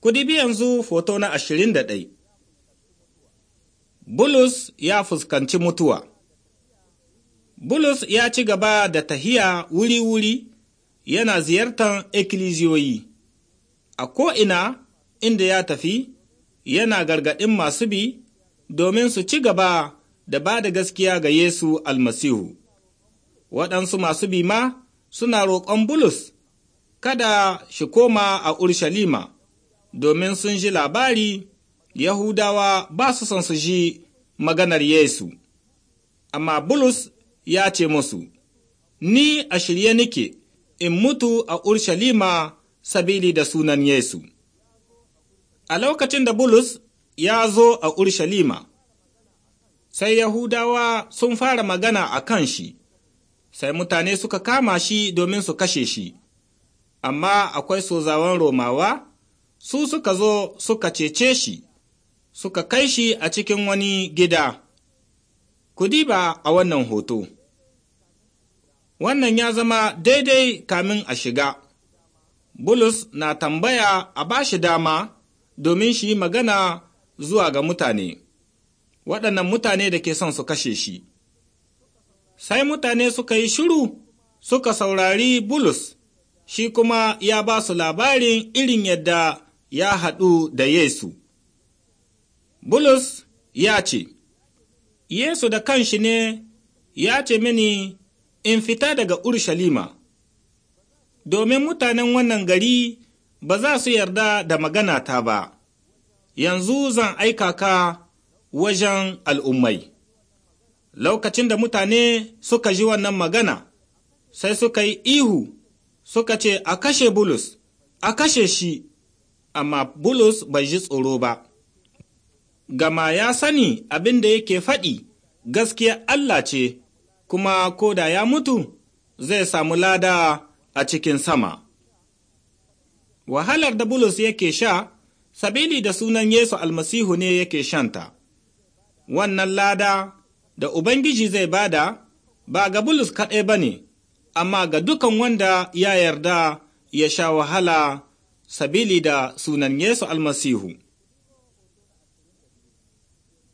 Ku bi yanzu foto na ashirin da ɗai. Bulus ya fuskanci mutuwa Bulus ya ci gaba da tahiya wuri-wuri yana ziyartar ikkilisiyoyi, a ko'ina inda ya tafi yana gargaɗin masu bi domin su ci gaba da ba da gaskiya ga Yesu almasihu. Waɗansu masu bi ma suna roƙon Bulus kada shi koma a Urshalima. domin sun ji labari Yahudawa ba su son su ji maganar Yesu. Amma Bulus ya ce musu, Ni a shirye nike in mutu a Urshalima sabili da sunan Yesu. A lokacin da Bulus ya zo a Urshalima, sai Yahudawa sun fara magana a kan shi, sai mutane suka kama shi domin su kashe shi, amma akwai sozawan Romawa su suka zo suka cece shi, suka kai shi a cikin wani gida. Ku diba a wannan hoto. Wannan ya zama daidai kamin a shiga. Bulus na tambaya a ba shi dama domin shi magana zuwa ga mutane, waɗannan mutane da ke son su kashe shi. Sai mutane suka yi shiru suka saurari Bulus, shi kuma ya ba su labarin irin yadda ya haɗu da Yesu. Bulus ya ce, Yesu da kanshi ne ya ce mini in fita daga Urshalima, domin mutanen wannan gari ba za su yarda da magana ta ba, yanzu zan aika ka wajen al'ummai. Lokacin da mutane suka ji wannan magana, sai suka yi ihu, suka ce, A kashe Bulus, a kashe shi, amma Bulus bai ji tsoro ba, gama ya sani abin da yake faɗi gaskiya Allah ce, kuma ko da ya mutu zai samu lada a cikin sama. Wahalar da Bulus yake sha, sabili da sunan Yesu almasihu ne yake shanta, wannan lada da Ubangiji zai bada ba ga Bulus kaɗai ba ne, amma ga dukan wanda ya yarda ya sha wahala sabili da sunan Yesu almasihu.